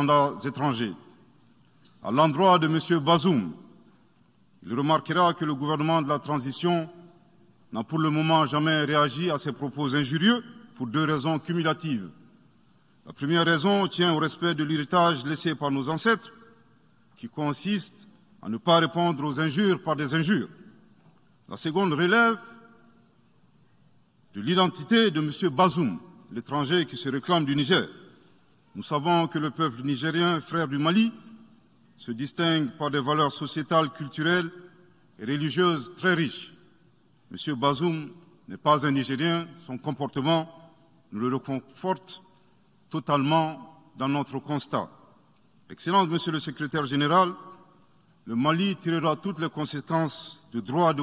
À l'endroit de M. Bazoum, il remarquera que le gouvernement de la transition n'a pour le moment jamais réagi à ses propos injurieux pour deux raisons cumulatives. La première raison tient au respect de l'héritage laissé par nos ancêtres, qui consiste à ne pas répondre aux injures par des injures. La seconde relève de l'identité de M. Bazoum, l'étranger qui se réclame du Niger. Nous savons que le peuple nigérien, frère du Mali, se distingue par des valeurs sociétales, culturelles et religieuses très riches. Monsieur Bazoum n'est pas un Nigérien, son comportement nous le reconforte totalement dans notre constat. Excellence, Monsieur le Secrétaire général, le Mali tirera toutes les conséquences du droit de